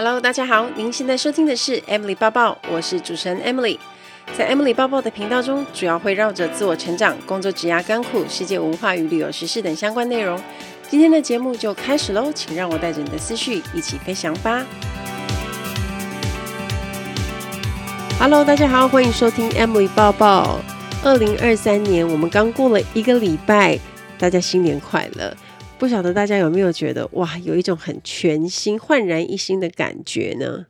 Hello，大家好，您現在收聽的是 Emily 報報，我是主持人 Emily。在 Emily 報報的頻道中，主要會繞着自我成長、工作、職涯甘苦、世界文化與旅遊時事等相關內容。今天的節目就開始嘍，請讓我帶着你的思緒一起飛翔吧。Hello，大家好，歡迎收聽 Emily 報報。二零二三年，我們剛過了一個禮拜，大家新年快樂。不曉得大家有沒有覺得哇，有一種很全新、煥然一新的感覺呢？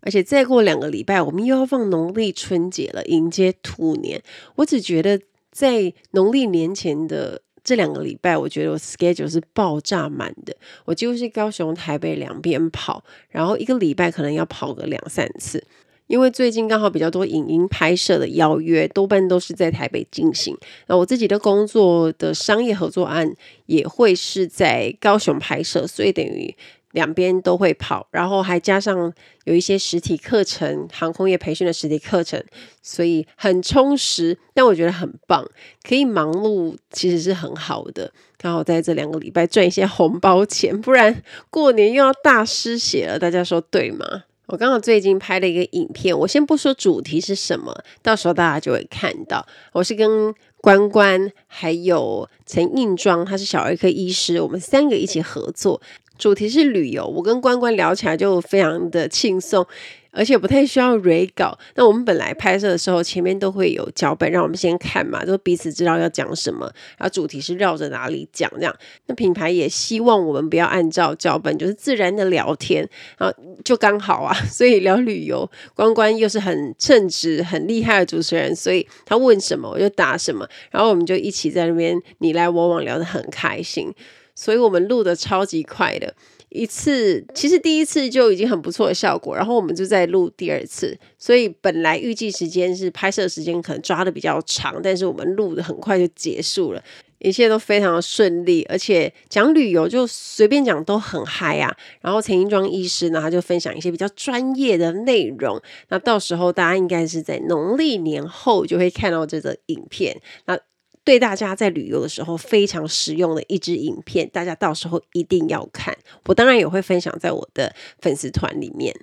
而且再過兩個禮拜，我們又要放農曆春節了，迎接兔年。我只覺得在農曆年前的這兩個禮拜，我覺得我 schedule 是爆炸滿的，我幾乎是高雄、台北兩邊跑，然後一個禮拜可能要跑個兩三次，因為最近剛好比較多影音拍攝的邀約，多半都是在台北進行。那我自己的工作的商業合作案也會是在高雄拍攝，所以等於兩邊都會跑。然後還加上有一些實體課程，航空業培訓的實體課程，所以很充實。但我覺得很棒，可以忙碌，其實是很好的。剛好在這兩個禮拜賺一些紅包錢，不然過年又要大失血了。大家說對嗎？我剛好最近拍了一個影片，我先不說主題是什麼，到時候大家就會看到。我是跟關關還有陳映莊，他是小兒科醫師，我們三個一起合作，主題是旅遊。我跟關關聊起來就非常的輕鬆。而且不太需要 read 稿。那我們本來拍攝的時候，前面都會有腳本，讓我們先看嘛，就彼此知道要講什麼，然後主題是繞着哪裡講這樣。那品牌也希望我們不要按照腳本，就是自然的聊天，然後就剛好啊。所以聊旅遊，關關又是很稱職、很厲害的主持人，所以他問什麼我就答什麼，然後我們就一起在那邊你來我往聊得很開心，所以我們錄得超級快的。一次其實第一次就已經很不錯的效果，然後我們就再錄第二次，所以本來預計時間是拍攝時間可能抓的比較長，但是我們錄的很快就結束了，一切都非常的順利，而且講旅遊就隨便講都很嗨啊。然後陳英莊醫師呢，他就分享一些比較專業的內容，那到時候大家應該是在農曆年後就會看到這個影片。那對大家在旅遊的時候非常實用的一支影片，大家到時候一定要看。我當然也會分享在我的粉絲團裡面，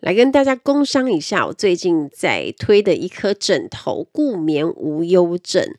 來跟大家工商一下我最近在推的一顆枕頭——顧眠無憂枕。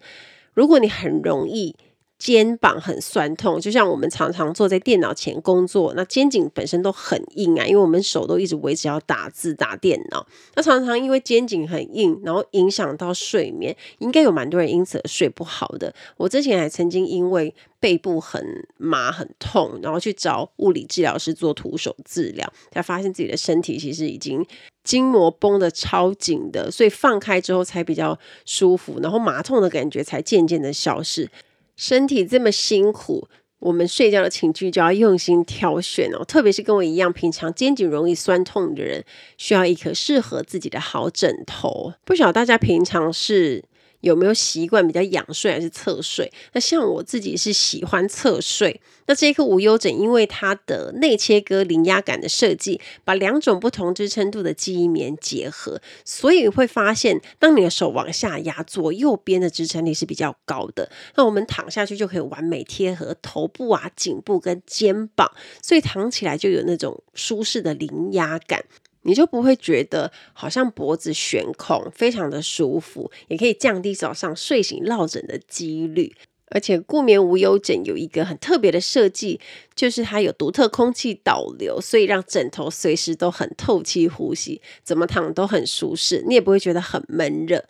如果你很容易，肩膀很酸痛，就像我們常常坐在電腦前工作，那肩頸本身都很硬啊，因為我們手都一直維持要打字打電腦。那常常因為肩頸很硬，然後影響到睡眠，應該有蠻多人因此而睡不好的。我之前還曾經因為背部很麻很痛，然後去找物理治療師做徒手治療，才發現自己的身體其實已經筋膜繃得超緊的，所以放開之後才比較舒服，然後麻痛的感覺才漸漸的消失。身體這麼辛苦，我們睡覺的寢具就要用心挑選哦。特別是跟我一樣，平常肩頸容易酸痛的人，需要一顆適合自己的好枕頭。不曉得大家平常是？有沒有習慣比較仰睡還是側睡？那像我自己是喜歡側睡。那這一顆無憂枕因為它的內切割零壓感的設計，把兩種不同支撐度的記憶棉結合，所以會發現當你的手往下壓，左右邊的支撐力是比較高的。那我們躺下去就可以完美貼合頭部啊、頸部跟肩膀，所以躺起來就有那種舒適的零壓感。你就不會覺得好像脖子懸空，非常的舒服，也可以降低早上睡醒落枕的幾率。而且，顧眠無憂枕有一個很特別的設計，就是它有獨特空氣導流，所以讓枕頭隨時都很透氣呼吸，怎麼躺都很舒適，你也不會覺得很悶熱。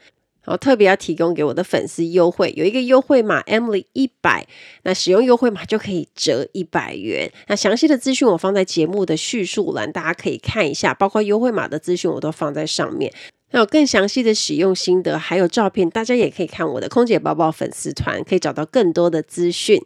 然後特別要提供給我的粉絲優惠，有一個優惠碼 Emily100，那使用優惠碼就可以折100元。那詳細的資訊我放在節目的敘述欄，大家可以看一下，包括優惠碼的資訊我都放在上面。那有更詳細的使用心得，還有照片，大家也可以看我的空姐報報粉絲團，可以找到更多的資訊。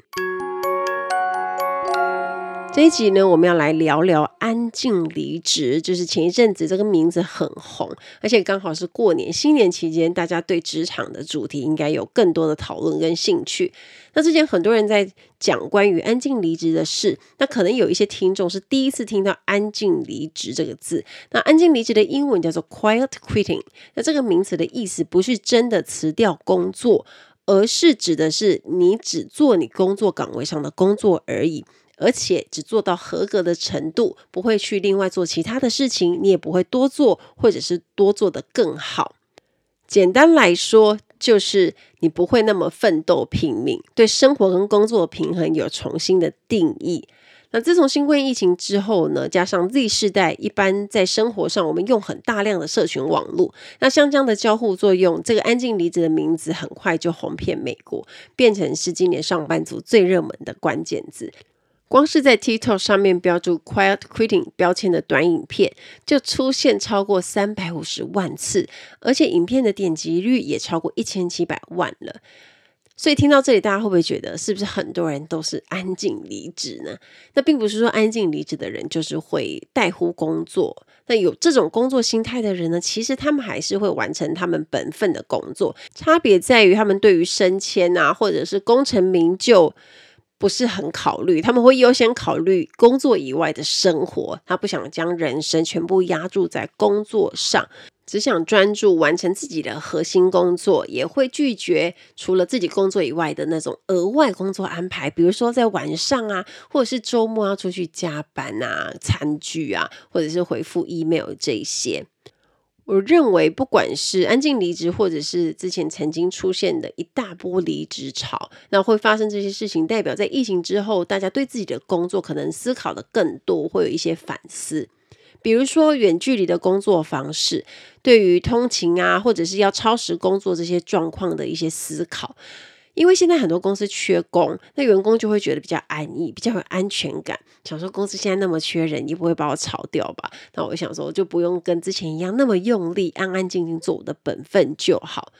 這一集呢，我們要來聊聊“安靜離職”，就是前一陣子這個名字很紅，而且剛好是過年新年期間，大家對職場的主題應該有更多的討論跟興趣。那之前很多人在講關於“安靜離職”的事，那可能有一些聽眾是第一次聽到“安靜離職”這個字。那“安靜離職”的英文叫做 “quiet quitting”。那這個名詞的意思不是真的辭掉工作，而是指的是你只做你工作崗位上的工作而已。而且只做到合格的程度，不會去另外做其他的事情，你也不會多做，或者是多做得更好。簡單來說，就是你不會那麼奮鬥拼命，對生活跟工作平衡有重新的定義。那自從新冠疫情之後呢，加上 Z 世代，一般在生活上我們用很大量的社群網絡，那像這樣的交互作用，這個“安靜離職”的名字很快就紅遍美國，變成是今年上班族最熱門的關鍵字。光是在 TikTok 上面標注 “quiet quitting” 標籤的短影片，就出現超過三百五十萬次，而且影片的點擊率也超過一千七百萬了。所以聽到這裡，大家會不會覺得，是不是很多人都是安靜離職呢？那並不是說安靜離職的人就是會怠忽工作。那有這種工作心態的人呢，其實他們還是會完成他們本分的工作，差別在於他們對於升遷啊，或者是功成名就。不是很考慮，他們會優先考慮工作以外的生活。他不想將人生全部押注在工作上，只想專注完成自己的核心工作。也會拒絕除了自己工作以外的那種額外工作安排，比如說在晚上啊，或者是周末要出去加班啊、餐具啊，或者是回復 email 這些。我認為，不管是安靜離職，或者是之前曾經出現的一大波離職潮，那會發生這些事情，代表在疫情之後，大家對自己的工作可能思考的更多，會有一些反思。比如說，遠距離的工作方式，對於通勤啊，或者是要超時工作這些狀況的一些思考。因為現在很多公司缺工，那員工就會覺得比較安逸，比較有安全感。想說公司現在那麼缺人，也不會把我炒掉吧？那我想說，就不用跟之前一樣那麼用力，安安靜靜做我的本分就好。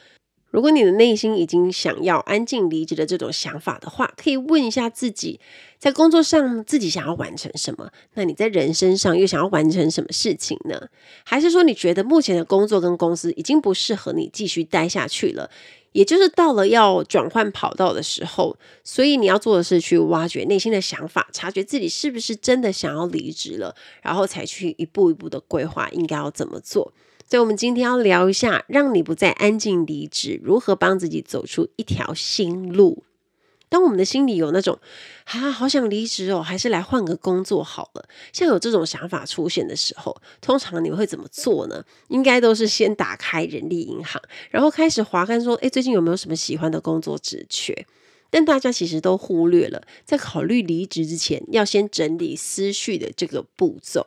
如果你的內心已經想要安靜離職的這種想法的話，可以問一下自己，在工作上自己想要完成什麼？那你在人生上又想要完成什麼事情呢？還是說你覺得目前的工作跟公司已經不適合你繼續待下去了？也就是到了要轉換跑道的時候，所以你要做的是去挖掘內心的想法，察覺自己是不是真的想要離職了，然後才去一步一步的規劃應該要怎麼做。所以，我們今天要聊一下，讓你不再安靜離職，如何幫自己走出一條新路。當我們的心裡有那種啊，好想離職哦，還是來換個工作好了。像有這種想法出現的時候，通常你們會怎麼做呢？應該都是先打開人力銀行，然後開始滑看說，哎，最近有沒有什麼喜歡的工作職缺？但大家其實都忽略了，在考慮離職之前，要先整理思緒的這個步驟。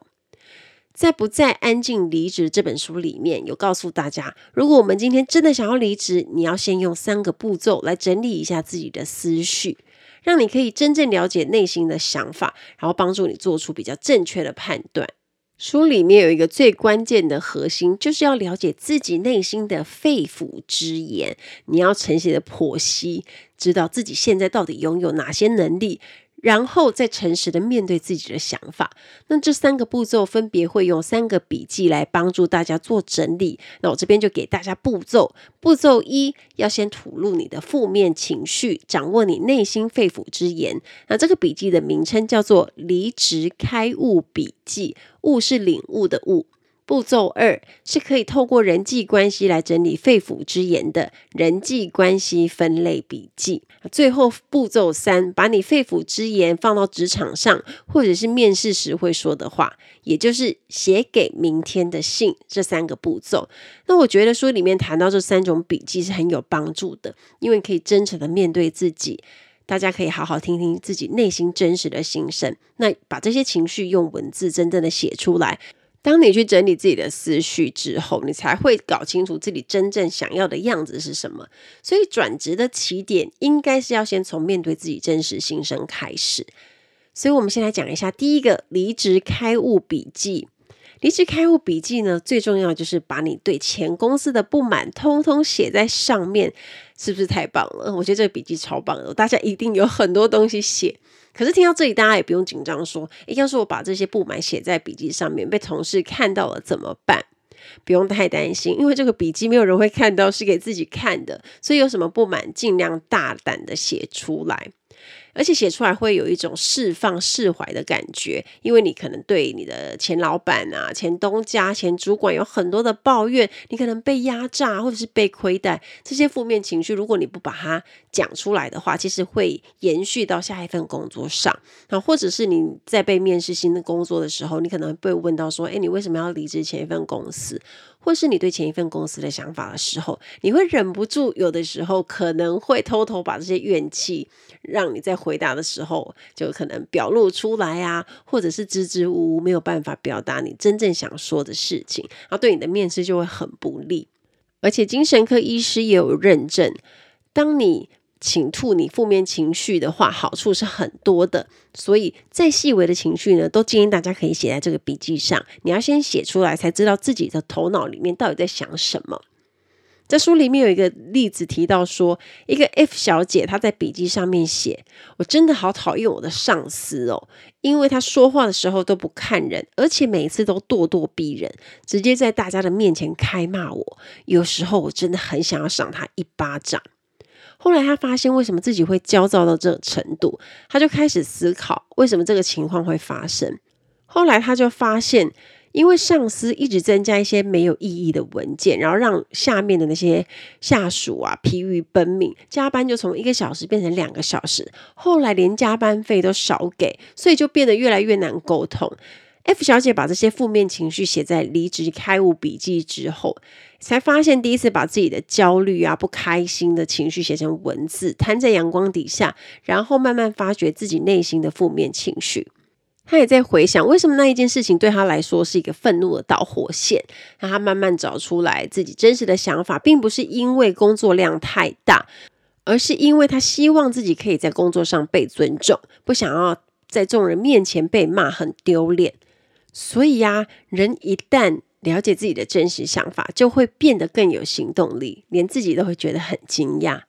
在《不再安靜離職》這本書裡面有告訴大家，如果我們今天真的想要離職，你要先用三個步驟來整理一下自己的思緒，讓你可以真正了解內心的想法，然後幫助你做出比較正確的判斷。書裡面有一個最關鍵的核心，就是要了解自己內心的肺腑之言。你要誠實地剖析，知道自己現在到底擁有哪些能力。然後再誠實的面對自己的想法，那這三個步驟分別會用三個筆記來幫助大家做整理。那我這邊就給大家步驟：步驟一要先吐露你的負面情緒，掌握你內心肺腑之言。那這個筆記的名稱叫做“離職開悟筆記”，悟是領悟的悟。步驟二是可以透過人際關係來整理肺腑之言的人際關係分類筆記。最後步驟三，把你肺腑之言放到職場上，或者是面試時會說的話，也就是寫給明天的信。這三個步驟，那我覺得書裡面談到這三種筆記是很有幫助的，因為可以真誠的面對自己，大家可以好好聽聽自己內心真實的心聲，那把這些情緒用文字真正的寫出來。當你去整理自己的思緒之後，你才會搞清楚自己真正想要的樣子是什麼。所以轉職的起點，應該是要先從面對自己真實心聲開始。所以，我們先來講一下第一個離職開悟筆記。離職開悟筆記呢，最重要就是把你對前公司的不滿通通寫在上面，是不是太棒了？我覺得這個筆記超棒的，大家一定有很多東西寫。可是聽到這裡，大家也不用緊張說，誒，要是我把這些不滿寫在筆記上面，被同事看到了怎麼辦？不用太擔心，因為這個筆記沒有人會看到，是給自己看的。所以有什麼不滿，儘量大膽的寫出來。而且寫出來會有一種釋放釋懷的感覺，因為你可能對你的前老板啊、前東家、前主管有很多的抱怨，你可能被壓榨或者是被虧待，這些負面情緒，如果你不把它講出來的話，其實會延續到下一份工作上，啊，或者是你在被面試新的工作的時候，你可能會被問到說，誒，你為什麼要離職前一份公司？或是你對前一份公司的想法的時候，你會忍不住，有的時候可能會偷偷把這些怨氣，讓你在回答的時候就可能表露出來啊，或者是支支吾吾，沒有辦法表達你真正想說的事情，然後對你的面試就會很不利。而且精神科醫師也有認證，當你傾吐你負面情緒的話，好處是很多的，所以再細微的情緒呢，都建議大家可以寫在這個筆記上。你要先寫出來，才知道自己的頭腦裡面到底在想什麼。在書裡面有一個例子提到說，一個 F 小姐她在筆記上面寫：“我真的好討厭我的上司哦，因為他說話的時候都不看人，而且每次都咄咄逼人，直接在大家的面前開罵我。有時候我真的很想要賞他一巴掌。”後來他發現，為什麼自己會焦躁到這種程度？他就開始思考，為什麼這個情況會發生。後來他就發現，因為上司一直增加一些沒有意義的文件，然後讓下面的那些下屬啊疲於奔命，加班就從一個小時變成兩個小時，後來連加班費都少給，所以就變得越來越難溝通。F 小姐把這些負面情緒寫在離職開悟筆記之後，才發現第一次把自己的焦慮啊、不開心的情緒寫成文字，攤在陽光底下，然後慢慢發覺自己內心的負面情緒。她也在回想為什麼那一件事情對她來說是一個憤怒的導火線，讓她慢慢找出來自己真實的想法，並不是因為工作量太大，而是因為她希望自己可以在工作上被尊重，不想要在眾人面前被罵，很丟臉。所以呀、啊，人一旦了解自己的真實想法，就會變得更有行動力，連自己都會覺得很驚訝。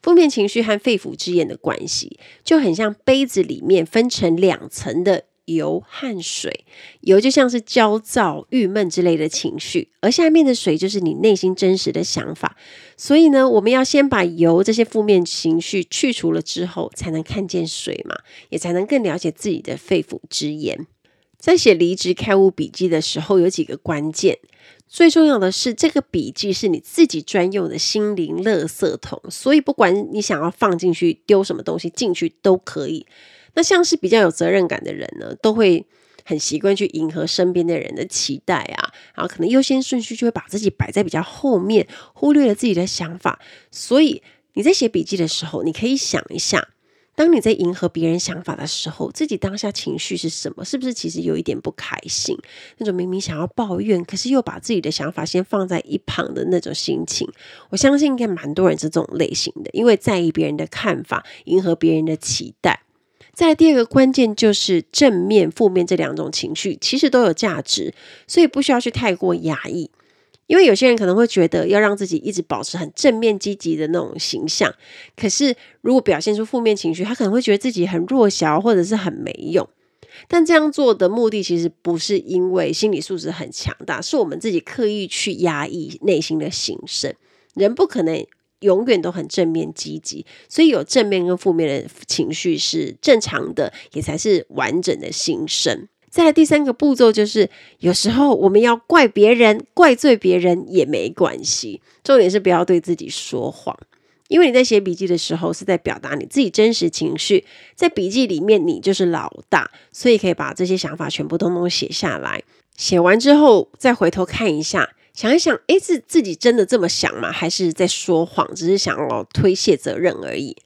負面情緒和肺腑之言的關係，就很像杯子裡面分成兩層的油和水，油就像是焦躁、鬱悶之類的情緒，而下面的水就是你內心真實的想法。所以呢，我們要先把油這些負面情緒去除了之後，才能看見水嘛，也才能更了解自己的肺腑之言。在寫離職開悟筆記的時候，有幾個關鍵。最重要的是，這個筆記是你自己專用的心靈垃圾桶，所以不管你想要放進去丟什麼東西進去都可以。那像是比較有責任感的人呢，都會很習慣去迎合身邊的人的期待啊，然後可能優先順序就會把自己擺在比較後面，忽略了自己的想法。所以你在寫筆記的時候，你可以想一下，當你在迎合別人想法的時候，自己當下情緒是什麼？是不是其實有一點不開心？那種明明想要抱怨，可是又把自己的想法先放在一旁的那種心情，我相信應該蠻多人是這種類型的，因為在意別人的看法，迎合別人的期待。再第二個關鍵就是正面、負面這兩種情緒其實都有價值，所以不需要去太過壓抑。因為有些人可能會覺得要讓自己一直保持很正面積極的那種形象，可是如果表現出負面情緒，他可能會覺得自己很弱小或者是很沒用。但這樣做的目的其實不是因為心理素質很強大，是我們自己刻意去壓抑內心的心聲。人不可能永遠都很正面積極，所以有正面跟負面的情緒是正常的，也才是完整的心聲。再來第三個步驟就是，有時候我們要怪別人，怪罪別人也沒關係，重點是不要對自己說謊。因為你在寫筆記的時候是在表達你自己真實情緒，在筆記裡面你就是老大，所以可以把這些想法全部通通寫下來。寫完之後再回頭看一下，想一想，哎、欸，是自己真的這麼想嗎？還是在說謊，只是想要推卸責任而已。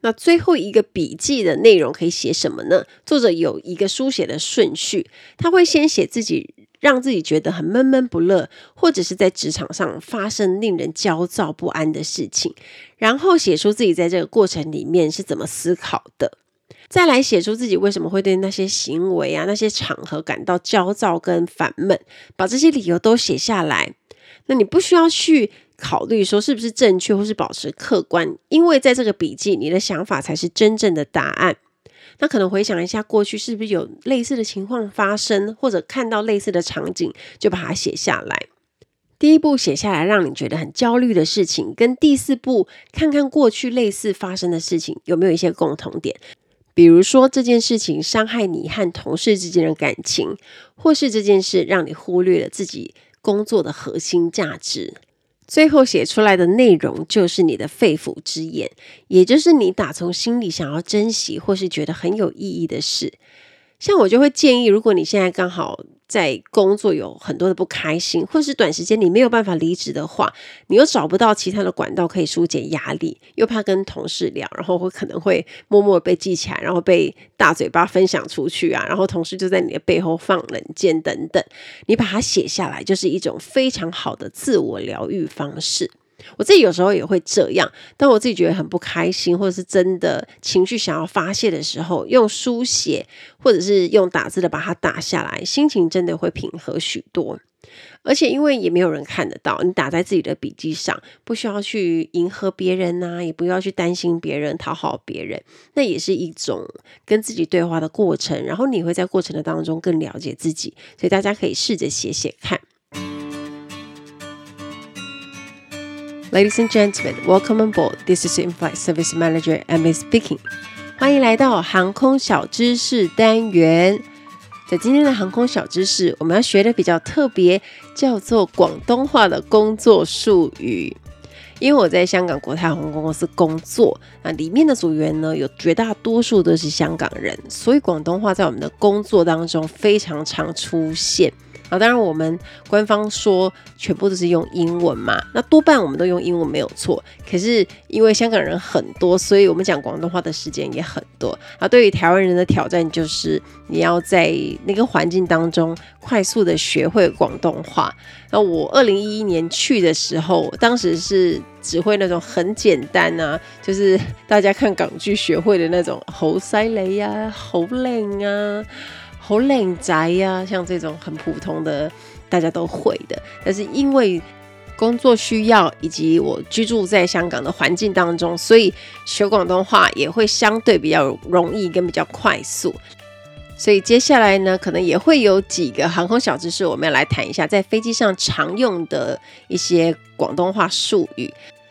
那最後一個筆記的內容可以寫什麼呢？作者有一個書寫的順序，他會先寫自己讓自己覺得很悶悶不樂，或者是在職場上發生令人焦躁不安的事情，然後寫出自己在這個過程裡面是怎麼思考的，再來寫出自己為什麼會對那些行為啊、那些場合感到焦躁跟煩悶，把這些理由都寫下來。那你不需要去考慮說是不是正確，或是保持客觀，因為在這個筆記，你的想法才是真正的答案。那可能回想一下過去，是不是有類似的情況發生，或者看到類似的場景，就把它寫下來。第一步寫下來，讓你覺得很焦慮的事情，跟第四步看看過去類似發生的事情有沒有一些共同點。比如說這件事情傷害你和同事之間的感情，或是這件事讓你忽略了自己工作的核心價值。最後寫出來的內容就是你的肺腑之言，也就是你打從心裡想要珍惜或是覺得很有意義的事。像我就會建議，如果你現在剛好在工作有很多的不開心，或是短時間你沒有辦法離職的話，你又找不到其他的管道可以紓解壓力，又怕跟同事聊，然後會可能會默默被記起來，然後被大嘴巴分享出去啊，然後同事就在你的背後放冷箭等等，你把它寫下來，就是一種非常好的自我療癒方式。我自己有時候也會這樣，當我自己覺得很不開心，或者是真的情緒想要發洩的時候，用書寫或者是用打字的把它打下來，心情真的會平和許多。而且因為也沒有人看得到，你打在自己的筆記上，不需要去迎合別人吶、啊，也不要去擔心別人、討好別人，那也是一種跟自己對話的過程。然後你會在過程的當中更了解自己，所以大家可以試着寫寫看。Ladies and gentlemen, welcome aboard. This is the in-flight service manager, Emily speaking. 歡迎來到航空小知識單元。在今天的航空小知識，我們要學的比較特別，叫做廣東話的工作術語。因為我在香港國泰航空公司工作，那裡面的組員呢，有絕大多數都是香港人，所以廣東話在我們的工作當中非常常出現。啊，當然我們官方說全部都是用英文嘛，那多半我們都用英文沒有錯。可是因為香港人很多，所以我們講廣東話的時間也很多。啊，對於台灣人的挑戰就是你要在那個環境當中快速的學會廣東話。那我二零一一年去的時候，當時是只會那種很簡單啊，就是大家看港劇學會的那種，猴塞雷啊，好靚啊。好靚仔呀，像這種很普通的，大家都會的。但是因為工作需要以及我居住在香港的環境當中，所以學廣東話也會相對比較容易跟比較快速。所以接下來呢，可能也會有幾個航空小知識，我們要來談一下在飛機上常用的一些廣東話術語。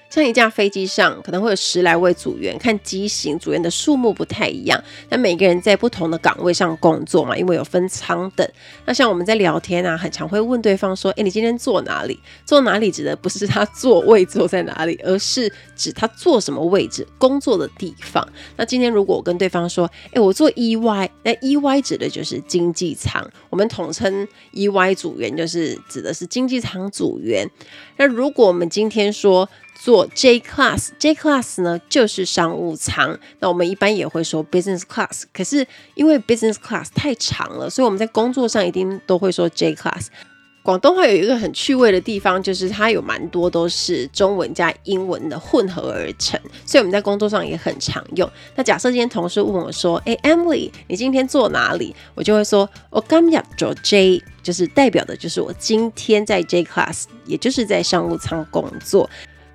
像一架飛機上可能會有十來位組員，看機型組員的數目不太一樣，但每個人在不同的崗位上工作嘛，因為有分艙等。那像我們在聊天啊，很常會問對方說：“欸，你今天坐哪裡？”坐哪裡指的不是他座位坐在哪裡，而是指他坐什麼位置工作的地方。那今天如果我跟對方說：“欸，我坐 EY，那 EY 指的就是經濟艙，我們統稱 EY 組員，就是指的是經濟艙組員。那如果我們今天說，做 J class，J class 呢，就是商務艙。那我們一般也會說 business class，可是因為 business class 太長了，所以我們在工作上一定都會說 J class。廣東話有一個很趣味的地方，就是它有蠻多都是中文加英文的混合而成，所以我們在工作上也很常用。那假設今天同事問我說：“哎，Emily，你今天坐哪裡？”我就會說：“我剛要坐 J，就是代表的就是我今天在 J class，也就是在商務艙工作。”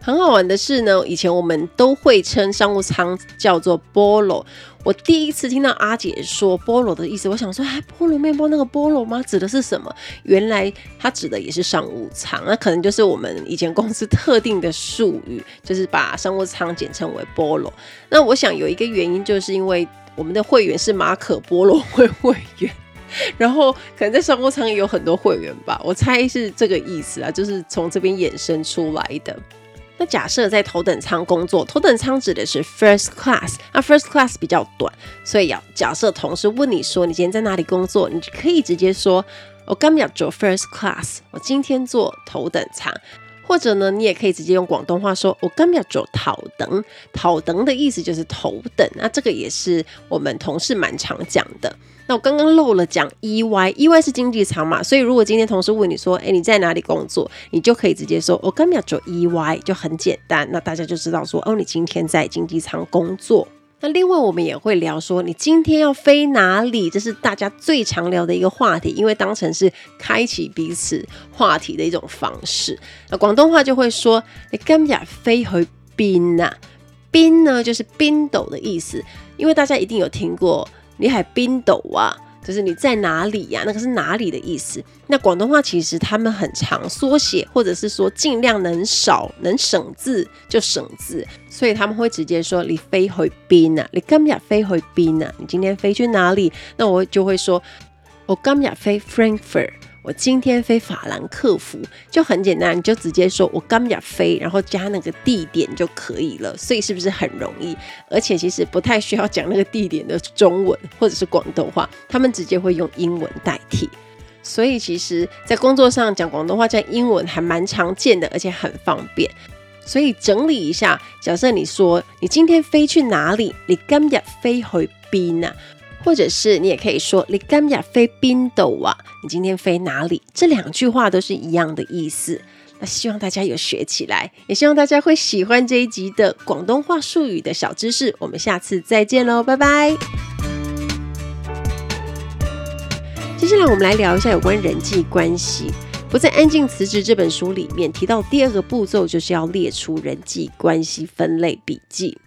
很好玩的是呢，以前我們都會稱商務艙叫做菠蘿。我第一次聽到阿姐說菠蘿的意思，我想說，哎、啊，菠蘿麵包那個菠蘿嗎？指的是什麼？原來它指的也是商務艙。那可能就是我們以前公司特定的術語，就是把商務艙簡稱為菠蘿。那我想有一個原因，就是因為我們的會員是馬可波羅會會員，然後可能在商務艙也有很多會員吧。我猜是這個意思啊，就是從這邊衍生出來的。那假設在頭等艙工作，頭等艙指的是 first class。那 first class 比較短，所以要假設同事問你說你今天在哪裡工作，你就可以直接說我剛要坐 first class，我今天坐頭等艙。或者呢，你也可以直接用廣東話說我剛要坐頭等，頭等的意思就是頭等。那這個也是我們同事蠻常講的。那我剛剛漏了講，EY，EY，EY 是經濟艙嘛，所以如果今天同事問你說，欸，你在哪裡工作，你就可以直接說，我今日要做 EY，就很簡單，那大家就知道說，哦，你今天在經濟艙工作。那另外我們也會聊說，你今天要飛哪裡，這是大家最常聊的一個話題，因為當成是開啟彼此話題的一種方式。那廣東話就會說，你今日飛去冰啊，冰呢就是冰斗的意思，因為大家一定有聽過。你喺邊度啊？就是你在哪裡呀，啊，那個是哪裡的意思？那廣東話其實他們很常縮寫，或者是說盡量能少能省字就省字，所以他們會直接說你飛回邊啊？你剛不雅飛回邊啊？你今天飛去哪裡？那我就會說我剛不雅飛 Frankfurt。我今天飛法蘭克福，就很簡單，你就直接說“我今日飛”，然後加那個地點就可以了。所以是不是很容易？而且其實不太需要講那個地點的中文或者是廣東話，他們直接會用英文代替。所以其實，在工作上講廣東話加英文還蠻常見的，而且很方便。所以整理一下，假設你說你今天飛去哪裡，你今日飛去邊呢？或者是你也可以說你幹嘛呀，飛邊度啊？你今天飛哪裡？這兩句話都是一樣的意思。那希望大家有學起來，也希望大家會喜歡這一集的廣東話術語的小知識。我們下次再見嘍，拜拜。接下來我們來聊一下有關人際關係。我在《安靜辭職》這本書裡面提到，第二個步驟就是要列出人際關係分類筆記。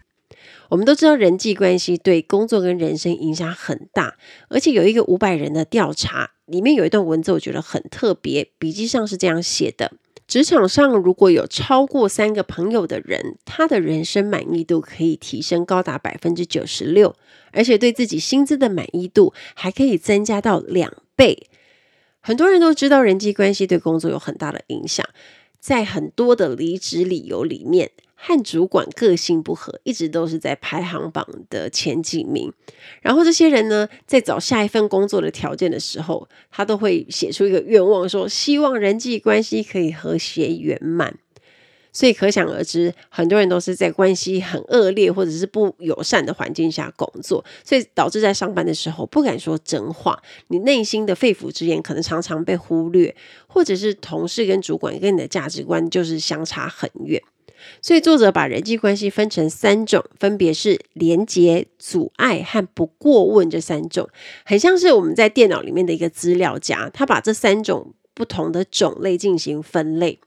我們都知道人際關係對工作跟人生影響很大，而且有一個五百人的調查，裡面有一段文字，我覺得很特別。筆記上是這樣寫的：職場上如果有超過三個朋友的人，他的人生滿意度可以提升高達百分之九十六，而且對自己薪資的滿意度還可以增加到兩倍。很多人都知道人際關係對工作有很大的影響，在很多的離職理由裡面。和主管個性不合，一直都是在排行榜的前幾名。然後這些人呢，在找下一份工作的條件的時候，他都會寫出一個願望說，說希望人際關係可以和諧圓滿。所以可想而知，很多人都是在關係很惡劣或者是不友善的環境下工作，所以導致在上班的時候不敢說真話。你內心的肺腑之言可能常常被忽略，或者是同事跟主管跟你的價值觀就是相差很遠。所以，作者把人際關係分成三種，分別是連接、阻礙和不過問這三種，很像是我們在電腦裡面的一個資料夾。他把這三種不同的種類進行分類，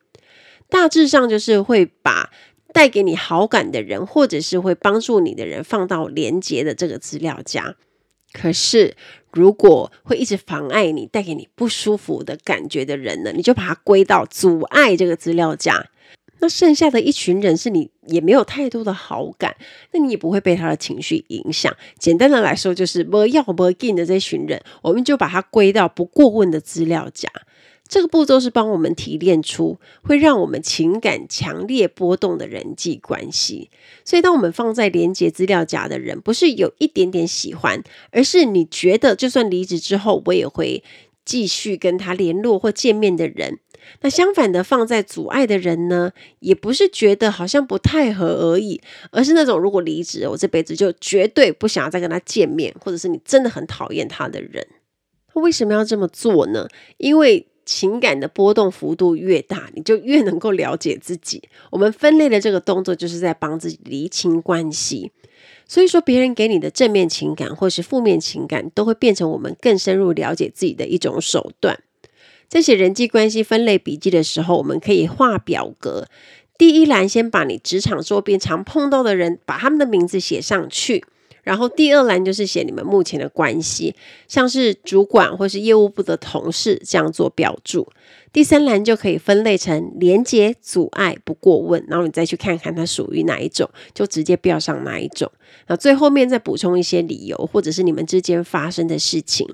大致上就是會把帶給你好感的人，或者是會幫助你的人，放到連接的這個資料夾。可是，如果會一直妨礙你、帶給你不舒服的感覺的人呢，你就把它歸到阻礙這個資料夾。那剩下的一群人是你也沒有太多的好感，那你也不會被他的情緒影響。簡單的來說，就是無要無緊的這群人，我們就把它歸到不過問的資料夾。這個步驟是幫我們提煉出會讓我們情感強烈波動的人際關係。所以，當我們放在連接資料夾的人，不是有一點點喜歡，而是你覺得就算離職之後，我也會繼續跟他聯絡或見面的人。那相反的，放在阻礙的人呢，也不是覺得好像不太合而已，而是那種如果離職，我這輩子就絕對不想要再跟他見面，或者是你真的很討厭他的人。為什麼要這麼做呢？因為情感的波動幅度越大，你就越能夠了解自己。我們分類的這個動作，就是在幫自己釐清關係。所以說，別人給你的正面情感或是負面情感，都會變成我們更深入了解自己的一種手段。在寫人際關係分類筆記的時候，我們可以畫表格。第一欄先把你職場周邊常碰到的人，把他們的名字寫上去。然後第二欄就是寫你們目前的關係，像是主管或是業務部的同事，這樣做標注。第三欄就可以分類成連接、阻礙、不過問。然後你再去看看它屬於哪一種，就直接標上哪一種。那最後面再補充一些理由，或者是你們之間發生的事情。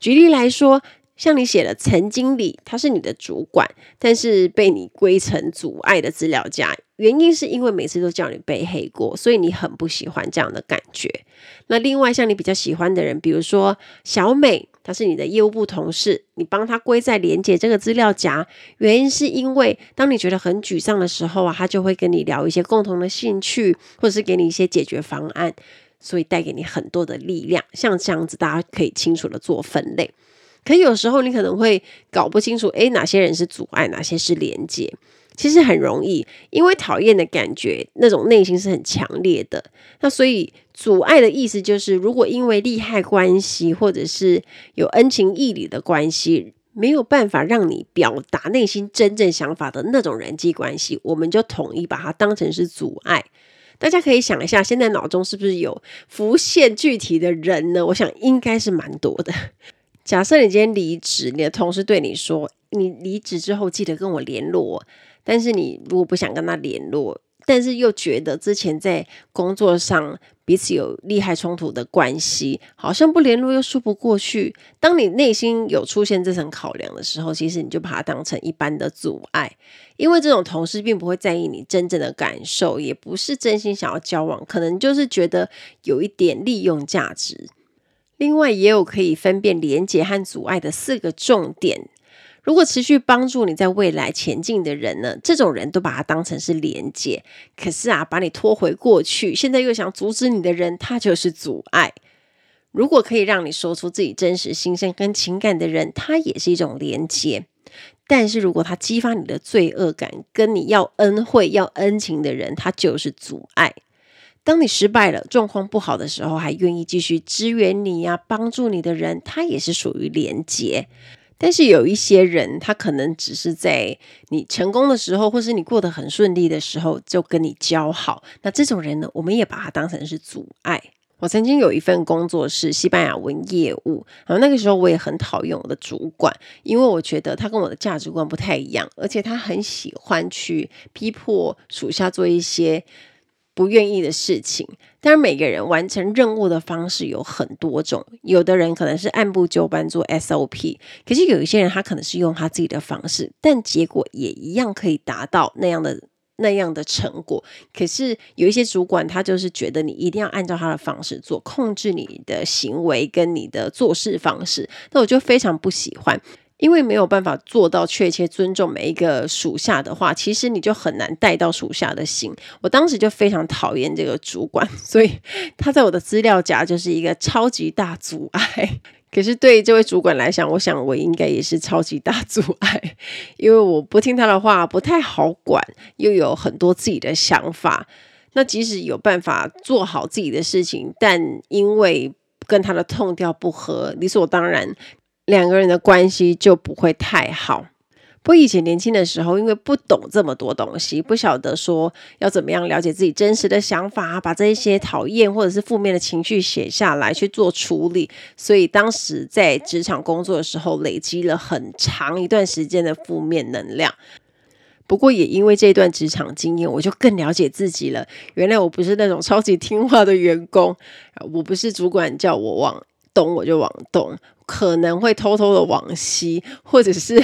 舉例來說。像你寫的陳經理，他是你的主管，但是被你歸成阻礙的資料夾，原因是因為每次都叫你背黑鍋，所以你很不喜歡這樣的感覺。那另外像你比較喜歡的人，比如說小美，她是你的業務部同事，你幫她歸在連接這個資料夾，原因是因為當你覺得很沮喪的時候啊，她就會跟你聊一些共同的興趣，或者是給你一些解決方案，所以帶給你很多的力量。像這樣子，大家可以清楚的做分類。可有時候你可能會搞不清楚，誒，哪些人是阻礙，哪些是連接？其實很容易，因為討厭的感覺，那種內心是很強烈的。那所以阻礙的意思就是，如果因為利害關係，或者是有恩情義理的關係，沒有辦法讓你表達內心真正想法的那種人際關係，我們就統一把它當成是阻礙。大家可以想一下，現在腦中是不是有浮現具體的人呢？我想應該是蠻多的。假設你今天離職，你的同事對你說：“你離職之後記得跟我聯絡。”但是你如果不想跟他聯絡，但是又覺得之前在工作上彼此有利害衝突的關係，好像不聯絡又說不過去。當你內心有出現這層考量的時候，其實你就把它當成一般的阻礙，因為這種同事並不會在意你真正的感受，也不是真心想要交往，可能就是覺得有一點利用價值。另外也有可以分辨連結和阻礙的四個重點。如果持續幫助你在未來前進的人呢？這種人都把它當成是連結。可是啊，把你拖回過去，現在又想阻止你的人，他就是阻礙。如果可以讓你說出自己真實心聲跟情感的人，他也是一種連結。但是如果他激發你的罪惡感，跟你要恩惠、要恩情的人，他就是阻礙。當你失敗了、狀況不好的時候，還願意繼續支援你呀、啊、幫助你的人，他也是屬於連結。但是有一些人，他可能只是在你成功的時候，或是你過得很順利的時候，就跟你交好。那這種人呢，我們也把他當成是阻礙。我曾經有一份工作是西班牙文業務，然後那個時候我也很討厭我的主管，因為我覺得他跟我的價值觀不太一樣，而且他很喜歡去逼迫屬下做一些。不願意的事情。當然每個人完成任務的方式有很多種。有的人可能是按部就班做 SOP，可是有一些人他可能是用他自己的方式，但結果也一樣可以達到那樣的那樣的成果。可是有一些主管他就是覺得你一定要按照他的方式做，控制你的行為跟你的做事方式，那我就非常不喜歡。因為沒有辦法做到確切尊重每一個屬下的話，其實你就很難帶到屬下的心。我當時就非常討厭這個主管，所以他在我的資料夾就是一個超級大阻礙。可是對這位主管來講，我想我應該也是超級大阻礙，因為我不聽他的話，不太好管，又有很多自己的想法。那即使有辦法做好自己的事情，但因為跟他的痛調不合，理所當然。兩個人的關係就不會太好。不過以前年輕的時候，因為不懂這麼多東西，不曉得說要怎麼樣了解自己真實的想法，把這一些討厭或者是負面的情緒寫下來去做處理，所以當時在職場工作的時候，累積了很長一段時間的負面能量。不過也因為這段職場經驗，我就更了解自己了。原來我不是那種超級聽話的員工，我不是主管叫我忘。東，我就往東，可能會偷偷的往西，或者是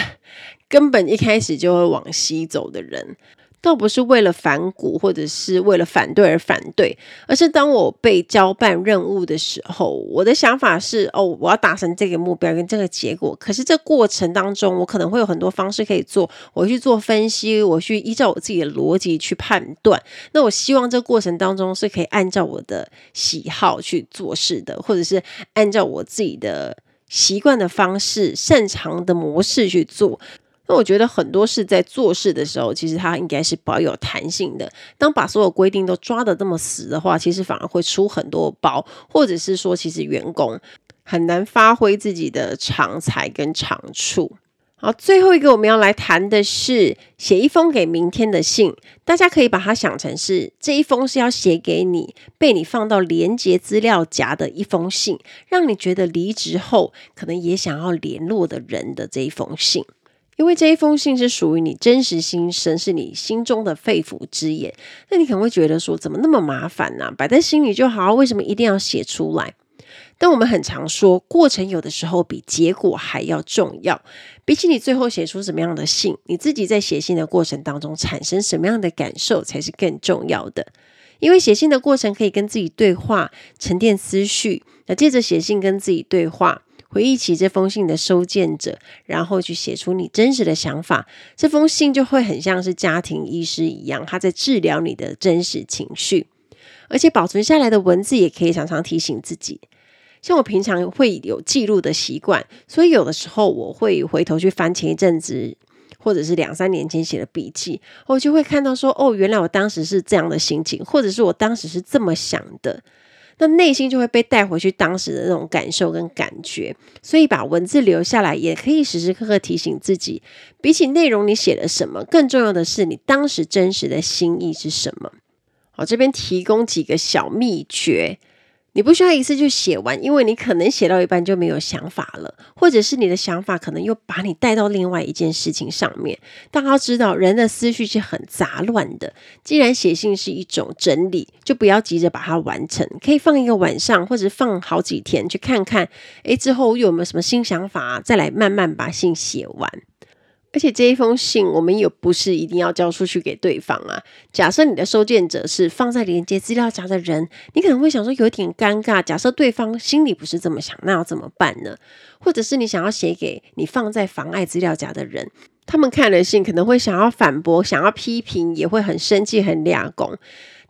根本一開始就會往西走的人。倒不是為了反骨或者是為了反對而反對，而是當我被交辦任務的時候，我的想法是：哦，我要達成這個目標跟這個結果。可是這過程當中，我可能會有很多方式可以做，我去做分析，我去依照我自己的邏輯去判斷。那我希望這過程當中是可以按照我的喜好去做事的，或者是按照我自己的習慣的方式、擅長的模式去做。那我覺得很多事在做事的時候，其實它應該是保有彈性的。當把所有規定都抓得這麼死的話，其實反而會出很多包，或者是說，其實員工很難發揮自己的長才跟長處。好，最後一個我們要來談的是寫一封給明天的信。大家可以把它想成是這一封是要寫給你被你放到連結資料夾的一封信，讓你覺得離職後可能也想要聯絡的人的這一封信。因為這一封信是屬於你真實心聲，是你心中的肺腑之言。那你可能會覺得說，怎麼那麼麻煩呢、啊？擺在心裡就好，為什麼一定要寫出來？但我們很常說，過程有的時候比結果還要重要。比起你最後寫出什麼樣的信，你自己在寫信的過程當中產生什麼樣的感受，才是更重要的。因為寫信的過程可以跟自己對話，沉澱思緒。那借着寫信跟自己對話。回憶起這封信的收件者，然後去寫出你真實的想法，這封信就會很像是家庭醫師一樣，他在治療你的真實情緒，而且保存下來的文字也可以常常提醒自己。像我平常會有記錄的習慣，所以有的時候我會回頭去翻前一陣子，或者是兩三年前寫的筆記，我就會看到說，哦，原來我當時是這樣的心情，或者是我當時是這麼想的。那內心就會被帶回去當時的那種感受跟感覺，所以把文字留下來，也可以時時刻刻提醒自己。比起內容你寫了什麼，更重要的是你當時真實的心意是什麼。好，這邊提供幾個小秘訣。你不需要一次就寫完，因為你可能寫到一半就沒有想法了，或者是你的想法可能又把你帶到另外一件事情上面。但要知道，人的思緒是很雜亂的。既然寫信是一種整理，就不要急着把它完成，可以放一個晚上，或者放好幾天去看看。哎，之後又有沒有什麼新想法，再來慢慢把信寫完。而且這一封信，我們也不是一定要交出去給對方啊。假設你的收件者是放在連接資料夾的人，你可能會想說有點尷尬。假設對方心裡不是這麼想，那要怎麼辦呢？或者是你想要寫給你放在妨礙資料夾的人，他們看了信可能會想要反駁、想要批評，也會很生氣、很兩公。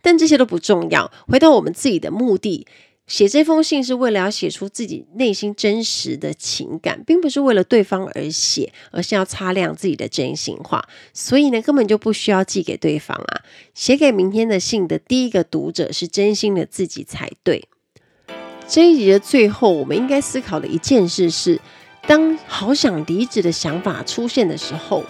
但這些都不重要。回到我們自己的目的。寫這封信是為了要寫出自己內心真實的情感，並不是為了對方而寫，而是要擦亮自己的真心話。所以呢，根本就不需要寄給對方啊！寫給明天的信的第一個讀者是真心的自己才對。這一集的最後，我們應該思考的一件事是：當好想離職的想法出現的時候，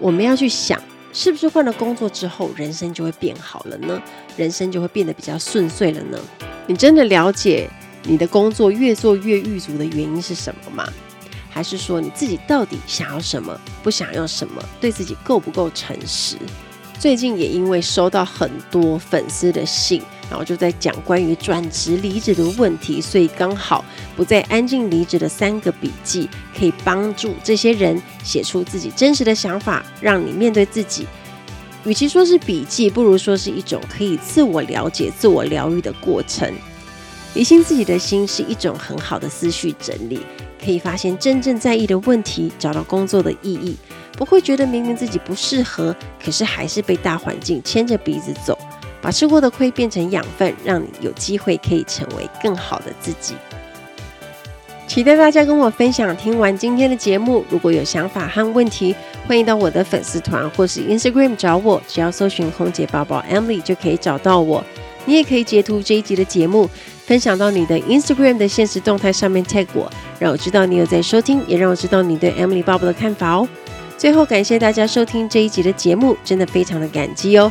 我們要去想。是不是換了工作之後，人生就會變好了呢？人生就會變得比較順遂了呢？你真的了解你的工作越做越鬱卒的原因是什麼嗎？還是說你自己到底想要什麼，不想要什麼，對自己夠不夠誠實？最近也因為收到很多粉絲的信。然後就在講關於轉職、離職的問題，所以剛好不再安靜離職的三個筆記，可以幫助這些人寫出自己真實的想法，讓你面對自己。與其說是筆記，不如說是一種可以自我了解、自我療癒的過程。理清自己的心是一種很好的思緒整理，可以發現真正在意的問題，找到工作的意義，不會覺得明明自己不適合，可是還是被大環境牽着鼻子走。把吃過的虧變成養分，讓你有機會可以成為更好的自己。期待大家跟我分享。聽完今天的節目，如果有想法和問題，歡迎到我的粉絲團或是 Instagram 找我，只要搜尋空姐報報 Emily 就可以找到我。你也可以截圖這一集的節目，分享到你的 Instagram 的限時動態上面 tag 我，讓我知道你有在收聽，也讓我知道你對 Emily 報報的看法哦。最後，感謝大家收聽這一集的節目，真的非常的感激哦。